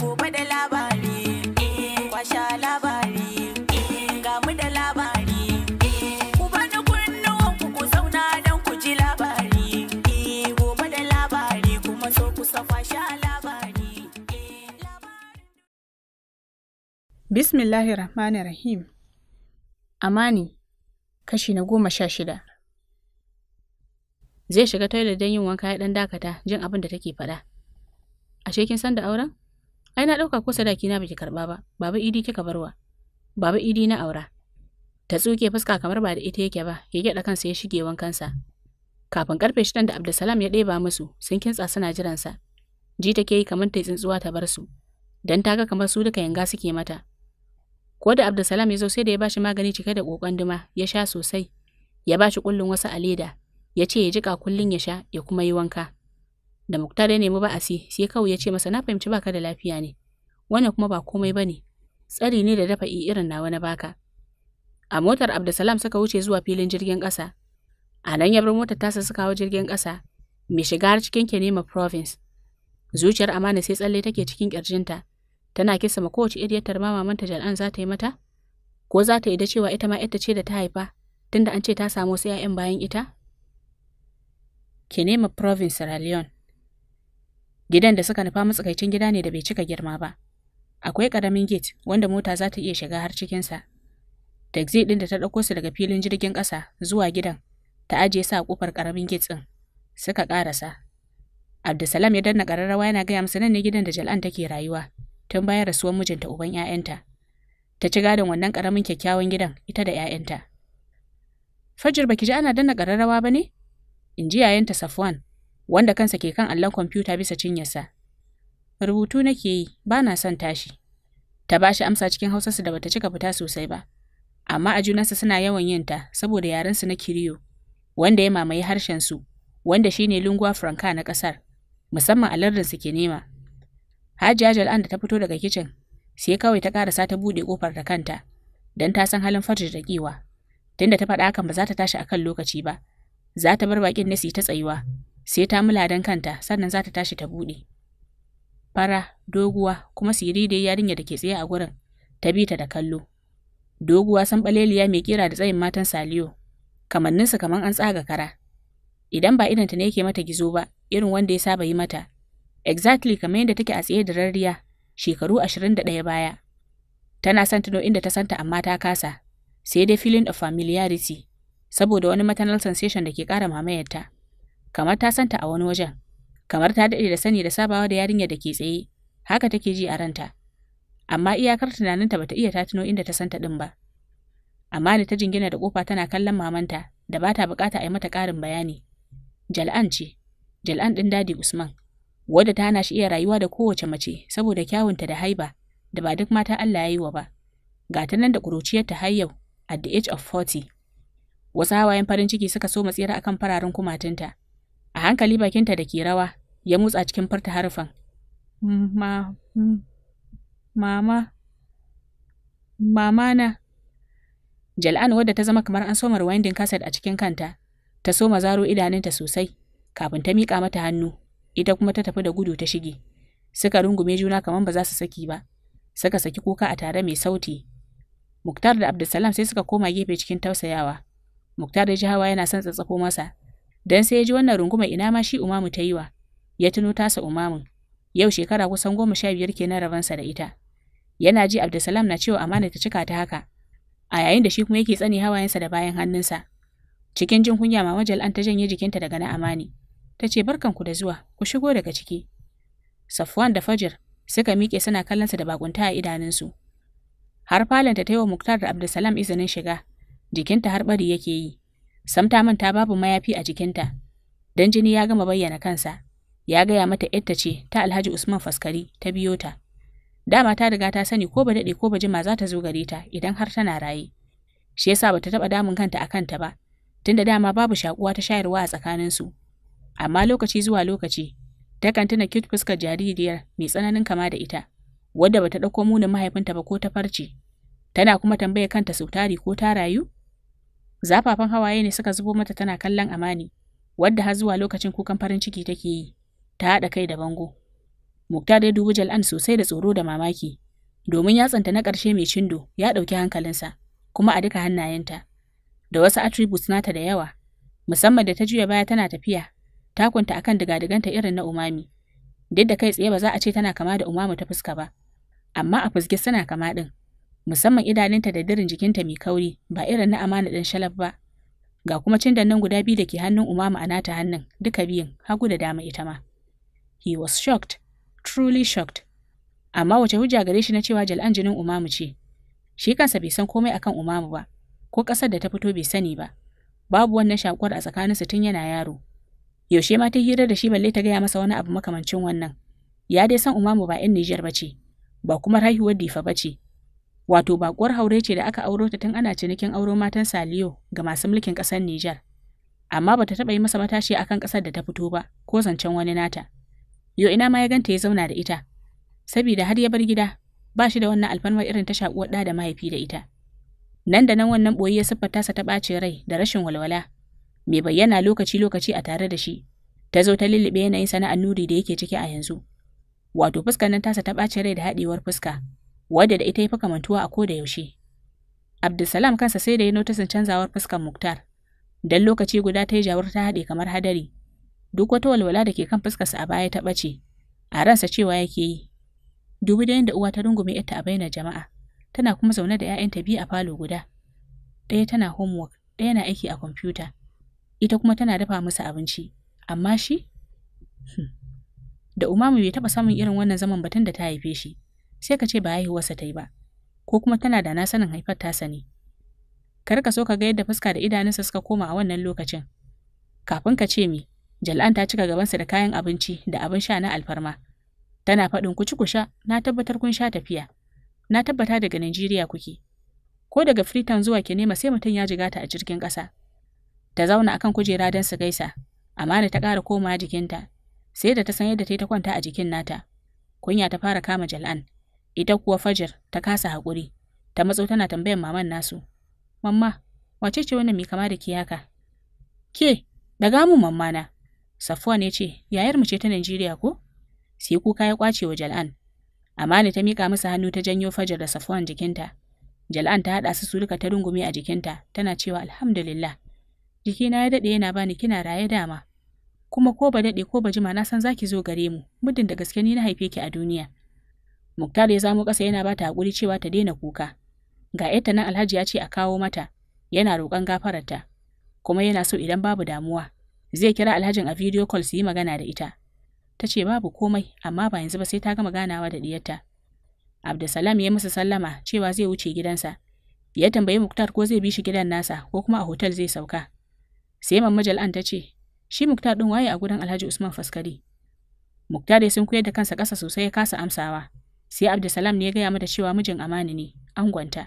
gobe da labari eh, kwasha labari eh, ga mu da labari eh, ku bani kunnuwan ku ku zauna don ku ji labari gobe da labari kuma so ku kwasha labari bismillahir rahmanir rahim amani kashi na goma sha shida zai shiga toilet don yin wanka ya dan dakata jin abin da take faɗa. Ashe kin san da auren? Ai na ɗauka ko sadaki na baki karɓa ba, baba idi kika barwa. Baba idi na aura. Ta tsuke fuska kamar ba da ita yake ba, ya gyaɗa kansa ya shige wankan sa Kafin karfe shidan da Abdulsalam ya ɗeba musu, sun kintsa suna jiransa. Ji take yi kamar ta tsuntsuwa ta bar su, don ta ga kamar su duka yanga suke mata. Ko da Abdulsalam ya zo sai da ya bashi magani cike da kokon duma, ya sha sosai. Ya bashi kullun wasu a leda, ya ce ya jika kullun ya sha ya kuma yi wanka. da mukta ya nemi ba'asi sai kawai ya ce masa na fahimci baka da lafiya ne wannan kuma ba komai bane tsari ne da dafa irin nawa na baka a motar Abdulsalam suka wuce zuwa filin jirgin ƙasa a nan ya bar motar tasa suka hawo jirgin ƙasa mai shiga har cikin Kenema province zuciyar Amana sai tsalle take cikin ƙirjinta tana kisa ma kowace iriyar tarma mamanta Jal'an za ta yi mata ko za ta yi da cewa ita ma ita ce da ta haifa tunda an ce ta samu wasu 'ya'yan bayan ita Kenema province Sierra Gidan da suka nufa matsakaicin gida ne da bai cika girma ba. Akwai ƙaramin gate wanda mota za ta iya shiga har cikinsa. Taxi ɗin da ta ɗauko su daga filin jirgin ƙasa zuwa gidan ta ajiye sa a ƙofar ƙaramin gate ɗin. Suka ƙarasa. Abdulsalam ya danna ƙararrawa yana gaya masa nan ne gidan da Jal'an take rayuwa tun bayan rasuwar mijinta uban 'ya'yanta. Ta ci gadon wannan ƙaramin kyakkyawan gidan ita da 'ya'yanta. Fajir baki ji ana danna ƙararrawa ba ne? In ji yayanta Safwan wanda kansa ke kan allon kwamfuta bisa cinyarsa. Rubutu nake yi, ba na son tashi. Ta ba shi amsa cikin su da bata cika fita sosai ba, amma a junansa suna yawan yin ta saboda yarensu na kiriyo, wanda ya mamaye su, wanda shine lingua franca na ƙasar, musamman a su ke nema. Hajiya Jal'an da ta fito daga kicin, sai kawai ta ƙarasa ta buɗe kofar da kanta, don ta san halin farji da kiwa. Tunda ta faɗa hakan ba za ta tashi akan lokaci ba, za ta bar baƙin nasi ta tsayuwa, sai ta mula don kanta sannan za ta tashi ta buɗe. Fara, doguwa, kuma dai yarinya da ke tsaye a gurin, ta bi ta da kallo. Doguwa san ɓaleliya mai kira da tsayin matan Saliyo, kamanninsa kaman an tsaga kara. Idan ba idanta ne yake mata gizo ba, irin wanda ya saba yi mata. Exactly kamar yadda take a tsaye da rarriya, shekaru ashirin da ɗaya baya. Tana son tuno inda ta santa amma ta kasa, sai dai feeling of familiarity, saboda wani maternal sensation da ke ƙara mamayarta. kamar ta santa a wani wajen, kamar ta daɗe da sani da sabawa da yarinya da ke tsaye, haka take ji a ranta. Amma iyakar tunaninta bata iya ta tuno inda ta santa ɗin ba. Amma da ta jingina da ƙofa tana kallon mamanta da ba ta buƙata a yi mata ƙarin bayani. Jal'an ce, Jal'an ɗin Dadi Usman, wadda ta hana shi iya rayuwa da kowace mace saboda kyawunta da haiba da ba duk mata Allah ya yi wa ba. Ga ta nan da ƙuruciyarta har yau, at the age of 40. Wasu hawayen farin ciki suka so matsira akan fararen kumatunta. A hankali bakinta da ke rawa ya motsa cikin farta harfan Ma, mm, mama, mama na. Jal'an wadda ta zama kamar an soma rewinding kaset a cikin kanta, ta soma zaro idanunta sosai, kafin ta miƙa mata hannu, ita kuma ta tafi da gudu ta shige. Suka rungume juna kamar ba za su saki ba, suka saki kuka a tare mai sauti. Muktar da Abdulsalam sai suka koma gefe cikin tausayawa. Muktar da ji hawa yana son tsatsako masa, Dan sai ya ji wannan runguma ina ma shi Umamu ta yi wa, ya tuno tasa Umamun. Yau shekara kusan goma sha biyar kenan rabansa da ita. Yana ji Abdulsalam na cewa amana ta cika ta haka. A yayin da shi kuma yake tsani hawayensa da bayan hannunsa. Cikin jin kunya Mama Jal'an ta janye jikinta daga na Amani. Ta ce barkanku da zuwa, ku shigo daga ciki. Safwan da Fajir suka miƙe suna kallon kallonsa da bakunta a idanunsu. Har falanta ta yi wa Muktar da Abdulsalam izinin shiga, jikinta har bari yake yi. Sam ta manta babu mayafi a jikinta. Dan jini ya gama bayyana kansa. Ya gaya mata yadda ce ta Alhaji Usman Faskari ta biyo ta. Dama ta riga ta sani ko ba daɗe ko ba jima za ta zo gare ta idan har tana raye. Shi yasa bata taɓa damun kanta a kanta ba, tunda dama babu shakuwa ta shayarwa a tsakaninsu. Amma lokaci zuwa lokaci, takan tuna cute fuskar jaririyar mai tsananin kama da ita, wadda bata ɗauko munin mahaifinta ba ko ta farce. Tana kuma tambaya kanta sau ko ta rayu? Zafafan hawaye ne suka zubo mata tana kallon Amani, wadda har zuwa lokacin kukan farin ciki take yi, ta haɗa kai da bango. Mukta dai dubi Jal'an sosai da tsoro da mamaki, domin ya tsanta na ƙarshe mai cindo ya ɗauki hankalinsa, kuma a duka hannayenta. Da wasu attributes nata da yawa, musamman da ta juya baya tana tafiya, ta kwanta akan digadiganta irin na umami. Duk da kai tsaye ba za a ce tana kama da umamu ta fuska ba, amma a fuske suna kama ɗin. musamman idanunta da dirin jikinta mai kauri ba irin na amana ɗan shalaf ba ga kuma cindan nan guda biyu da ke hannun umama a nata hannun duka biyun hagu da dama ita ma he was shocked truly shocked amma wace hujja gare shi na cewa jal'an jinin umamu ce shi kansa bai san komai akan umamu ba ko ƙasar da ta fito bai sani ba babu wannan shakuwar a tsakaninsu tun yana yaro yaushe ma ta hirar da shi balle ta gaya masa wani abu makamancin wannan ya dai san umamu ba 'yan Nijar ba ce ba kuma haihuwar difa ba ce wato bakuwar haure ce da aka auro ta tun ana cinikin auro matan Saliyo ga masu mulkin ƙasar Nijar. Amma bata taɓa yi masa matashi akan ƙasar da ta fito ba, ko zancen wani nata. Yo ina ma ya ganta ya zauna da ita, saboda har ya bar gida, ba shi da wannan alfarmar irin ta shaƙuwar ɗa da mahaifi da ita. Nan da nan wannan ɓoyi ya siffata sa ta ɓace rai da rashin walwala, mai bayyana lokaci-lokaci a tare da shi, ta zo ta lullube yanayin sana'ar nuri da yake ciki a yanzu. Wato fuskar nan tasa ta ɓace rai da haɗewar fuska, wadda da ita ya fi kamantuwa a ko da yaushe. Abdulsalam kansa sai da ya notisin canzawar fuskar Muktar, Don lokaci guda ta yi jawar ta haɗe kamar hadari. Duk wata walwala da ke kan fuskarsa a baya ta ɓace, a ransa cewa yake yi. Dubi da yadda uwa ta rungume ita a bainar jama'a, tana kuma zaune da 'ya'yanta biyu a falo guda. Ɗaya tana homework, ɗaya na aiki a kwamfuta. Ita kuma tana dafa musu abinci, amma shi? Hmm. Da umamu bai taɓa samun irin wannan zaman batun da ta haife shi. sai ka ce ba haihuwarsa ta yi ba, ko kuma tana da na sanin haifar tasa ne. Kar ka so ka ga yadda fuska da idanunsa suka koma a wannan lokacin. Kafin ka ce mi. Jal'an ta cika gabansa da kayan abinci da abin sha na alfarma. Tana faɗin ku ci ku sha, na tabbatar kun sha tafiya. Na tabbata daga Najeriya kuke. Ko daga Freetown zuwa Kenema sai mutum ya ta a jirgin ƙasa. Ta zauna akan kujera don su gaisa, Amana ta ƙara komawa jikinta, sai da ta san yadda ta yi ta kwanta a jikin nata. Kunya ta fara kama Jal'an. ita kuwa fajar, ta kasa haƙuri, ta matso tana tambayar maman nasu. Mamma, wace ce wannan mai kama da ke haka? Ke, daga mu mamma na. Safuwa ne ce, yayar mu ce ta Najeriya ko? Sai kuka ya kwace wa Jal'an. Amani ta mika masa hannu ta janyo fajar da safuwan jikinta. Jal'an ta haɗa su su ta rungume a jikinta, tana cewa alhamdulillah. Jikina ya daɗe yana bani kina raye dama. Kuma ko ba daɗe ko ba jima na san zaki zo gare mu, muddin da gaske ni na haife ki a duniya. Muktar ya zamo ƙasa yana bata hakuri cewa ta daina kuka. Ga ‘yarta nan Alhaji ya ce a kawo mata, yana roƙon gafararta, kuma yana so idan babu damuwa, zai kira Alhajin a video call su yi magana da ita. Ta ce babu komai, amma ba yanzu ba sai ta gama ganawa da diyarta. Abdulsalam ya masa sallama cewa zai wuce gidansa. Ya tambayi Muktar ko zai bi shi gidan nasa ko kuma a hotel zai sauka. Sai Mamma Jal'an ta ce, shi Muktar ɗin waye a gurin Alhaji Usman Faskari. Muktar ya sun kuyar da kansa ƙasa sosai ya kasa amsawa. sai Abdulsalam ne ya gaya mata cewa mijin amana ne, angonta.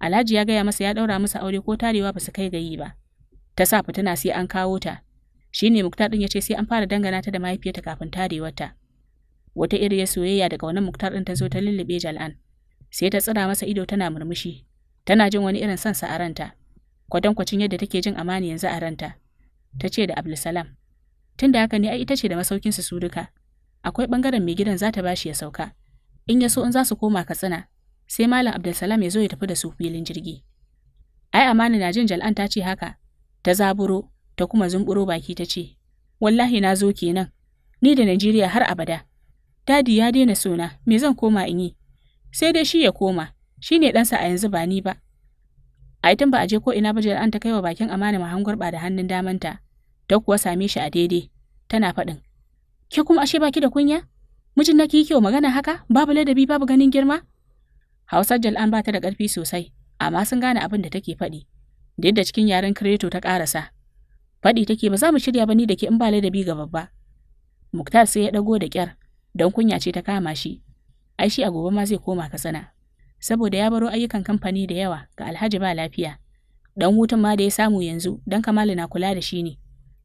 Alhaji ya gaya masa ya daura masa aure ko tarewa ba su kai gayi ba. Ta sa fitina sai an kawo ta. Shi ne Muktar ɗin ya ce sai an fara dangana ta da mahaifiyarta kafin ta. Wata iri ya soyayya daga wannan Muktar ɗin ta zo ta lullube Jal'an. Sai ta tsira masa ido tana murmushi. Tana jin wani irin son sa a ranta. kwacin yadda take jin amana yanzu a ranta. Ta ce da Abdulsalam. Tunda da haka ne ai ita ce da masaukin su duka. Akwai ɓangaren mai gidan za ta bashi ya sauka. in ya so in za su koma katsina sai malam abdulsalam ya zo ya tafi da su filin jirgi ai amana na jin jal'an ta ce haka ta zaburo ta kuma zumburo baki ta ce wallahi na zo kenan ni da najeriya har abada dadi ya daina sona me zan koma in yi sai dai shi ya koma shi ne ɗansa a yanzu ba ni ba a tun ba a je ko ina ba jal'an ta kai wa bakin amana mahangwar ba da hannun damanta ta kuwa same shi a daidai tana faɗin ke kuma ashe baki da kunya mijin na kike magana haka babu ladabi babu ganin girma hausar jal'an ba ta da ƙarfi sosai amma sun gane abin da take faɗi da yadda cikin yaren kireto ta ƙarasa faɗi take ba za mu shirya ba ni da ke in ba ladabi ga babba muktar sai ya ɗago da ƙyar don kunya ce ta kama shi ai shi a gobe ma zai koma katsina saboda ya baro ayyukan kamfani da yawa ga alhaji ba lafiya dan hutun ma da ya samu yanzu dan kamalu na kula da shi ne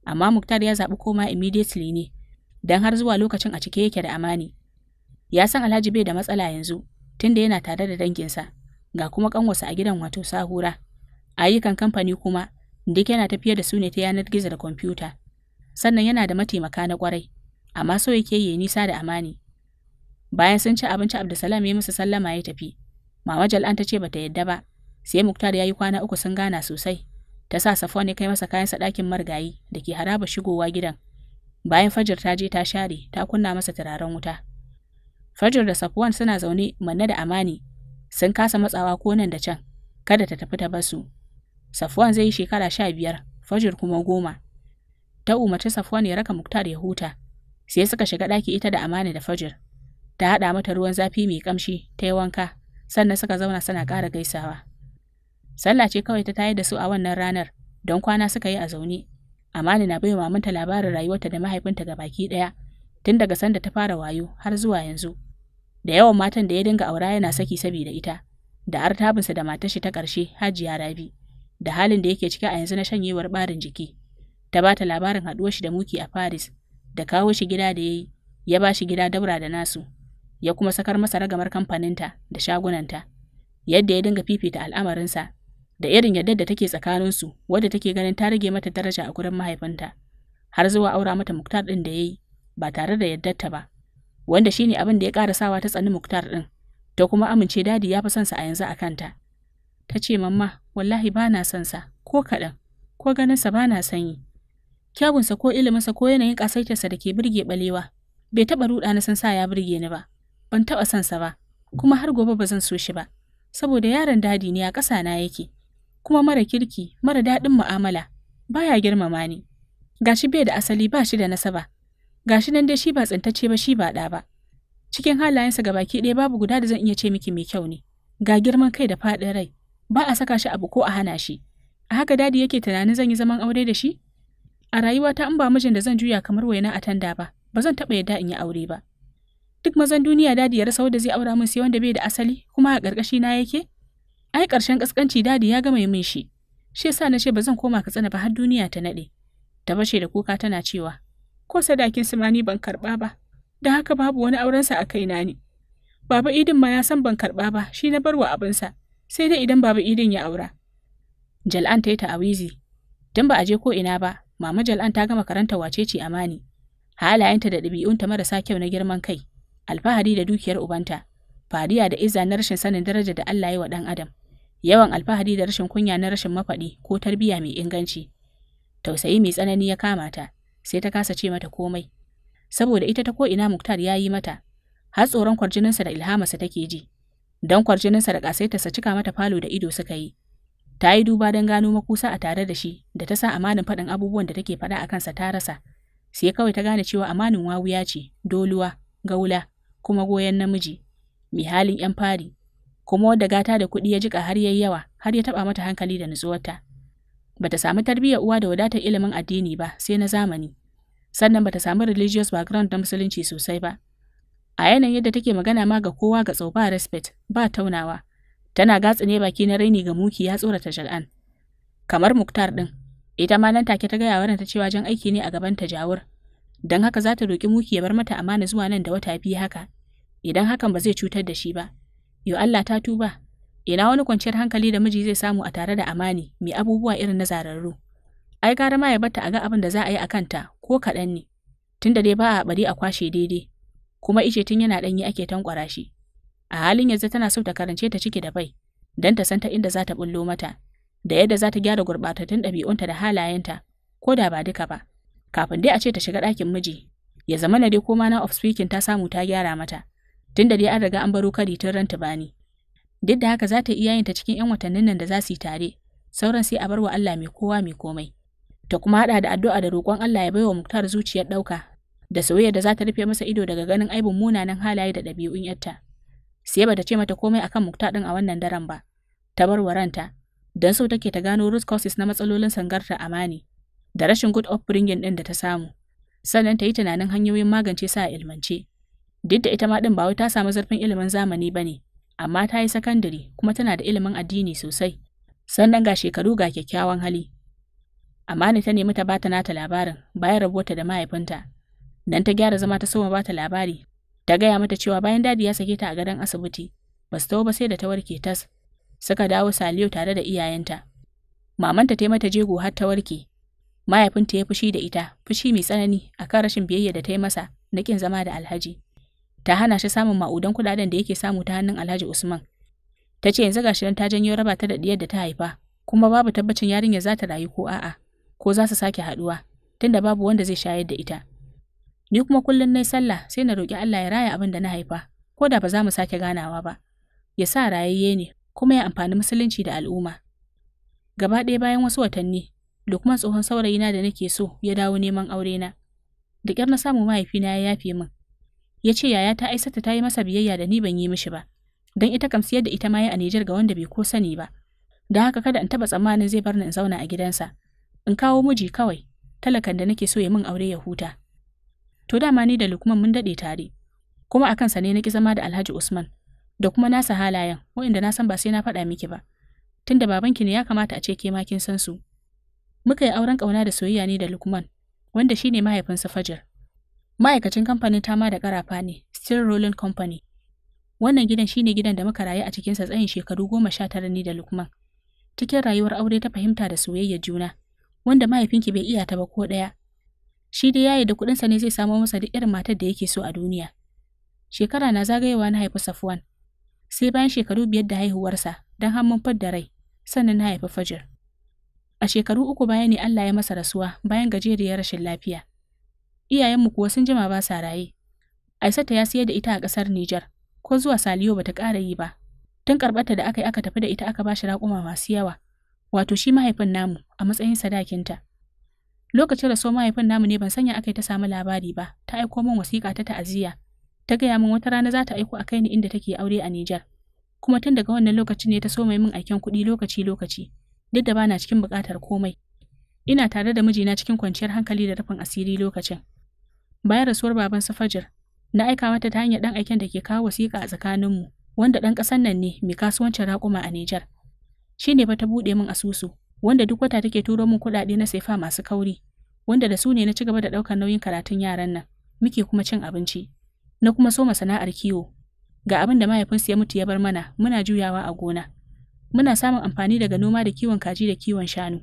amma muktar ya zaɓi koma immediately ne don har zuwa lokacin a cike yake da amani. Ya san Alhaji bai da matsala yanzu, tunda yana tare da danginsa, ga kuma kanwarsa a gidan wato sahura. Ayyukan kamfani kuma duk yana tafiyar da su ne ta yanar gizo da kwamfuta. Sannan yana da mataimaka na kwarai, amma so yake yi nisa da amani. Bayan sun ci abinci Abdulsalam ya musu sallama ya tafi. Mama Jal'an ta ce bata yadda ba, sai Muktar ya yi kwana uku sun gana sosai. Ta sa Safwan ya kai masa kayansa ɗakin marigayi da ke haraba shigowa gidan. Bayan Fajir ta je ta share, ta kunna masa turaren wuta. Fajar da Safwan suna zaune manne da Amani sun kasa matsawa ko nan da can, kada ta tafi ta basu. Safwan zai yi shekara sha biyar, Fajir kuma goma. Ta umarci Safwan ya raka Muktar ya huta, sai suka shiga ɗaki ita da Amani da Fajir. Ta haɗa mata ruwan zafi mai ƙamshi, ta yi wanka, sannan suka zauna suna ƙara gaisawa. Sallah ce kawai ta tayar da su a wannan ranar, don kwana suka yi a zaune, Amani na baiwa mamanta labarin rayuwarta da mahaifinta ga baki ɗaya, tun daga sanda ta fara wayo har zuwa yanzu. Da yawan matan da ya dinga aura yana saki saboda ita, da artabinsa da matar shi ta ƙarshe Hajiya Rabi, da halin da yake ciki a yanzu na shanyewar barin jiki. Ta ba ta labarin haɗuwar shi da Muki a Paris, da kawo shi gida da yayi ya ba shi gida daura da nasu, ya kuma sakar masa ragamar kamfaninta da shagunanta. Yadda ya dinga fifita al'amarinsa da irin yardar da take tsakaninsu wadda take ganin ta rage mata daraja a gurin mahaifinta har zuwa aura mata muktar ɗin da ya yi ba tare da ta ba wanda shine ne abin da ya ƙara sawa ta tsani muktar ɗin ta kuma amince dadi ya fi son sa a yanzu a kanta ta ce mamma wallahi ba na son sa ko kaɗan ko ganinsa ba na son kyawunsa ko iliminsa ko yanayin ƙasaitarsa da ke birge ɓalewa bai taɓa ruɗa na san sa ya birge ni ba ban taɓa son sa ba kuma har gobe ba zan so shi ba saboda yaron dadi ne a ƙasa na yake kuma mara kirki, mara daɗin mu'amala, baya girmama ni. Gashi bai da asali ba shi da nasaba. Gashi nan dai shi ba tsintacce ba shi ba ɗa ba. Cikin halayensa ga baki ɗaya babu guda da zan iya ce miki mai kyau ne. Ga girman kai da faɗin rai, ba a saka shi abu ko a hana shi. A haka dadi yake tunanin zan yi zaman aure da shi? A rayuwata in ba mijin da zan juya kamar waina a tanda ba, ba zan taɓa yadda in yi aure ba. Duk mazan duniya dadi ya rasa wanda zai aura min sai wanda bai da asali kuma a ƙarƙashi na yake? ai ƙarshen ƙasƙanci dadi ya gama yi min shi shi yasa na ce ba zan koma ka katsina ba har duniya ta naɗe ta bashe da kuka tana cewa ko sadakin Simani ban karɓa ba Da haka babu wani aurensa a kaina ne baba idin ma ya san ban karɓa ba shi na barwa abinsa sai dai idan baba idin ya aura jal'an ta yi ta'awizi don ba a je ko ina ba mama jal'an ta gama karanta wace ce amani halayenta da ɗabi'unta marasa kyau na girman kai alfahari da dukiyar ubanta fariya da iza na rashin sanin daraja da Allah ya wa ɗan adam yawan alfahari da rashin kunya na rashin mafaɗi ko tarbiyya mai inganci. Tausayi mai tsanani ya kama ta, sai ta kasa ce mata komai. Saboda ita ta ko'ina Muktar ya yi mata, har tsoron kwarjininsa da ilhamarsa take ji. Don kwarjininsa da ƙasaitarsa cika mata falo da ido suka yi. Ta yi duba don gano makusa a tare da shi, da ta sa amanin faɗin abubuwan da take faɗa a kansa ta rasa. Sai kawai ta gane cewa amanin wawuya ce, doluwa, gaula, kuma goyon namiji, mai halin ‘yan fari, kuma wadda gata da kuɗi ya jika har yayi yawa har ya taba mata hankali da nutsuwarta. Bata samu tarbiyyar uwa da wadatar ilimin addini ba sai na zamani. Sannan bata samu religious background na musulunci sosai ba. A yanayin yadda take magana ma ga kowa ga tsau ba respect ba taunawa. Tana gatsine baki na raini ga muki ya tsorata shar'an Kamar Muktar ɗin, ita ma nan take ta gaya wa ta cewa jan aiki ne a gaban ta jawur. dan haka za ta roki muki ya bar mata amana zuwa nan da wata biyu haka, idan hakan ba zai cutar da shi ba. Yo Allah ta tuba, ina wani kwanciyar hankali da miji zai samu a tare da amani mai abubuwa irin na zararru. Ai gara ma ya bata a ga abin da za a yi a kanta ko kaɗan ne, tunda dai ba a bari a kwashe daidai, kuma ice tun yana ɗanyi ake tankwara shi. A halin yanzu tana so ta karance ta ciki da bai, don ta san ta inda za ta bullo mata, da yadda za ta gyara gurɓatattun ɗabi'unta da halayenta, ko da ba duka ba. Kafin dai a ce ta shiga ɗakin miji, ya zama na dai koma na off speaking ta samu ta gyara mata. tun da dai an riga an baro kari tun ranta bani. Duk da haka za ta iya yin ta cikin 'yan watannin nan da za su yi tare, sauran sai a bar wa Allah mai kowa mai komai. Ta kuma haɗa da addu'a da roƙon Allah ya baiwa Muktar zuciyar ɗauka, da soyayya da za ta rufe masa ido daga ganin aibin munanan halaye da ɗabi'un yatta. Sai ba ta ce mata komai akan Muktar ɗin a wannan daren ba, ta bar wa ranta, don so take ta gano root causes na matsalolin sangarta amani, da rashin good upbringing ɗin da ta samu, sannan ta yi tunanin hanyoyin magance sa a ilmance. duk da ita ma din ba wai ta samu zurfin ilimin zamani ba ne amma ta yi sakandare kuma tana da ilimin addini sosai sannan ga shekaru ga kyakkyawan hali amma ne ta nemi ta bata nata labarin bayan rabuwarta da mahaifinta dan ta gyara zama ta soma bata labari ta gaya mata cewa bayan dadi ya sake ta a gadon asibiti ba su ba sai da ta warke tas suka dawo saliyo tare da iyayenta mamanta ta yi mata jego har ta warke mahaifinta ya fushi da ita fushi mai tsanani akan rashin biyayya da ta yi masa na kin zama da alhaji ta hana shi samun ma'udan kudaden da yake samu ta hannun Alhaji Usman. Ta ce yanzu gashi nan ta janyo raba ta da ɗiyar da ta haifa, kuma babu tabbacin yarinyar za ta rayu ko a'a, ko za su sake haɗuwa, tunda babu wanda zai shayar da ita. Ni kuma kullum na sallah sai na roƙi Allah ya raya abin da na haifa, ko da ba za mu sake ganawa ba. Ya sa rayayye ne, kuma ya amfani musulunci da al'umma. Gaba ɗaya bayan wasu watanni, Lukman tsohon saurayina da nake so ya dawo neman aurena. Da ƙyar na samu mahaifina ya yafe min, ya ce yaya ta aisata ta yi masa biyayya da ni ban yi mishi ba don ita kam siyar da ita ma yi a Nijar ga wanda bai ko sani ba da haka kada in taba tsammanin zai bar ni in zauna a gidansa in kawo miji kawai talakan da nake so ya min aure ya huta to dama ni da Lukman mun dade tare kuma akan sa ne na ki zama da Alhaji Usman da kuma nasa halayen waɗanda na san ba sai na faɗa miki ba tunda babanki ne ya kamata a ce ke ma kin san su muka yi auren ƙauna da soyayya ne da Lukman wanda shine mahaifinsa Fajar Ma'aikacin kamfanin tama da karafa ne, still Rolling Company. Wannan gidan shine gidan da muka rayu a cikinsa tsayin shekaru goma sha tara ni da Lukman. Cikin rayuwar aure ta fahimta da soyayya juna, wanda mahaifinki bai iya ta ba ko ɗaya. Shi dai yayi da kuɗinsa ne zai samo masa duk irin matar da yake so a duniya. Shekara na zagayewa na haifi Safwan. Sai bayan shekaru biyar da haihuwarsa, don hannun da rai, sannan na haifi Fajir. A shekaru uku bayan ne Allah ya masa rasuwa bayan gajeriyar rashin lafiya. Iyayenmu kuwa sun jima ba sa raye. Aisata ya siyar da ita a ƙasar Nijar, ko zuwa Saliyo bata ƙara yi ba. Tun karɓarta da aka yi aka tafi da ita aka ba shi raƙuma masu yawa, wato shi mahaifin namu a matsayin sadakinta. Lokacin da so mahaifin namu ne ban sanya aka yi ta samu labari ba, ta aiko min wasiƙa ta ta'aziyya. Ta gaya min wata rana za ta aiko a kai ni inda take aure a Nijar. Kuma tun daga wannan lokacin ne ta so mai min aiken kuɗi lokaci-lokaci, duk da bana cikin buƙatar komai. Ina tare da mijina cikin kwanciyar hankali da rufin asiri lokacin. Bayan rasuwar baban su Fajir, na aika mata ta hanyar ɗan aiken da ke kawo wasiƙa a tsakaninmu, wanda ɗan ƙasar nan ne mai kasuwancin raƙuma a Nijar. Shi ne fa ta buɗe min asusu, wanda duk wata take turo min kuɗaɗe na saifa masu kauri, wanda da su ne na ci gaba da ɗaukar nauyin karatun yaran nan, muke kuma cin abinci. Na kuma soma sana'ar kiwo. Ga abin da mahaifinsu ya mutu ya bar mana, muna juyawa a gona. Muna samun amfani daga noma da kiwon kaji da kiwon shanu.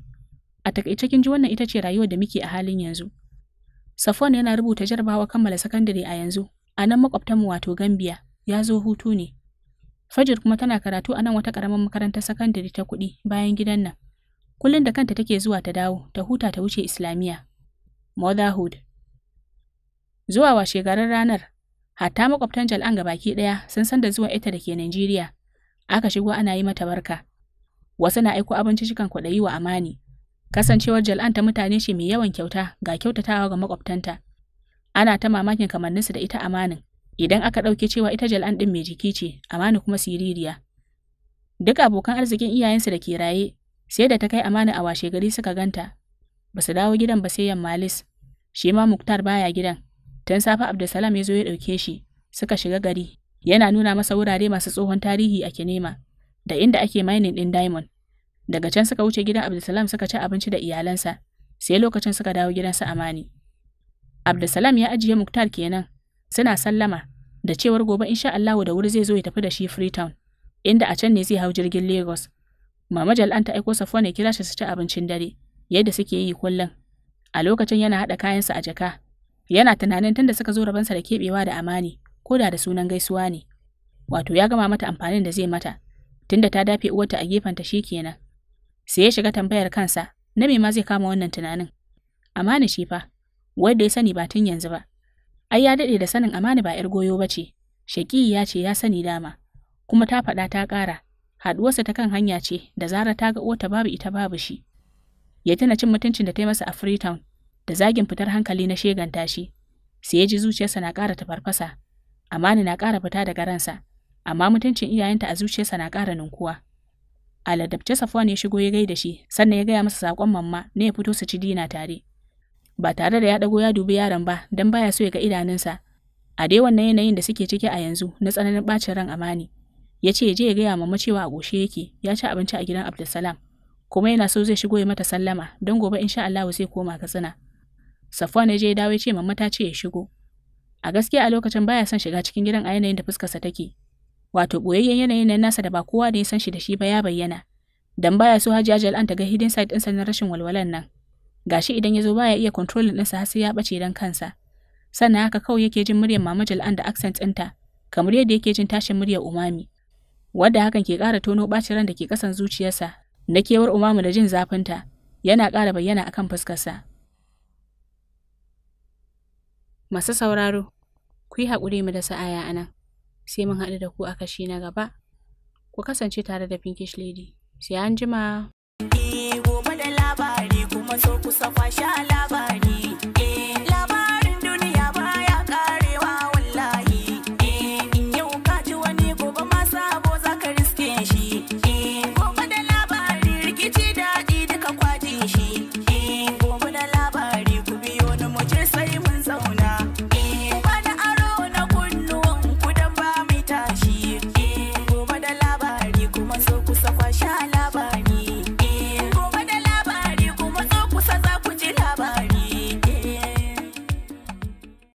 A takaice kin ji wannan ita ce rayuwar da muke a halin yanzu. Safon yana rubuta jarabawa kammala sakandare a yanzu, a nan makwabtanmu wato Gambia, ya zo hutu ne. Fajir kuma tana karatu a nan wata karamar makarantar sakandare ta kuɗi bayan gidan nan. Kullum da kanta take zuwa ta dawo, ta huta ta wuce Islamiyya. Motherhood. Zuwa washe garin ranar, hatta makwabtan Jal'an baki ɗaya sun san da zuwa ita da ke Najeriya. Aka shigo ana yi mata barka. Wasu na aiko abinci cikan kwaɗayi wa Amani, Kasancewar Jal'an ta mutane ce mai yawan kyauta ga kyautatawa ga makwabtanta. Ana ta mamakin kamanninsu da ita amanin, idan aka ɗauke cewa ita Jal'an ɗin mai jiki ce, amanu kuma siririya. Duk abokan arzikin iyayensu da ke raye, sai da ta kai amani a washe gari suka ganta. Ba su dawo gidan ba sai yamma Lis, shi ma Muktar baya gidan. Tun safe Abdulsalam ya zo ya ɗauke shi, suka shiga gari, yana nuna masa wurare masu tsohon tarihi a Kinema, da inda ake mining ɗin diamond. Daga can suka wuce gidan Abdulsalam suka ci abinci da iyalansa, sai lokacin suka dawo gidansa Amani. Abdulsalam ya ajiye Muktar kenan, suna sallama, da cewar gobe insha Allahu da wuri zai zo ya tafi da shi Freetown, inda a can ne zai hau jirgin Lagos. Mama Jal'an ta aiko Safwan ne kira shi su ci abincin dare, yadda suke yi kullum. A lokacin yana haɗa kayansa a jaka, yana tunanin tunda suka zo rabansa da keɓewa da amani, ko da da sunan gaisuwa ne. Wato ya gama mata amfanin da zai mata, tunda ta dafe uwarta a gefenta kenan. sai ya shiga tambayar kansa na me ma zai kama wannan tunanin amani shi fa wanda ya sani ba tun yanzu ba ai ya daɗe da sanin amani ba yar goyo ba ce ya ce ya sani dama kuma ta faɗa ta ƙara haɗuwarsa ta kan hanya ce da zara ta ga uwarta babu ita babu shi ya tana cin mutuncin da ta yi masa a freetown da zagin fitar hankali na sheganta shi sai ya ji zuciyarsa na ƙara tafarfasa amani na ƙara fita daga ransa amma mutuncin iyayenta a zuciyarsa na ƙara ninkuwa A ladabce Safwan ya shigo ya gaida shi, sannan ya gaya masa saƙon mamma na ya fito su ci dina tare. Ba tare da ya ɗago ya dubi yaron ba, don baya so ya ga idanunsa. A dai wannan yanayin da suke ciki a yanzu na tsananin ɓacin ran amani. Ya ce ya je ya gaya mamma cewa a goshe yake, ya ci abinci a gidan Abdulsalam. Kuma yana so zai shigo ya mata sallama, don gobe insha Allah sai koma Katsina. Safwan ya je ya dawo ya ce mamma ta ce ya shigo. A gaskiya a lokacin baya son shiga cikin gidan a yanayin da fuskarsa take, wato boyayyen yanayin na nasa da ba kowa da ya san shi da shi ba ya bayyana dan baya so Hajiya Jal'an ta ga hidden side ɗinsa na rashin walwalan nan gashi idan ya zo baya iya control ɗinsa har sai ya bace dan kansa sannan haka kawai yake jin muryar Mama Jal'an da accent ɗinta kamar yadda yake jin tashin muryar Umami wanda hakan ke ƙara tono ɓacin ran da ke ƙasan zuciyarsa na kewar Umami da jin zafinta yana ƙara bayyana akan fuskarsa masu sauraro ku yi haƙuri mu da sa'aya anan sai mun haɗu da ku a kashi na gaba ku kasance tare da pinkish lady sai an jima gobe da labari kuma so safa sha labari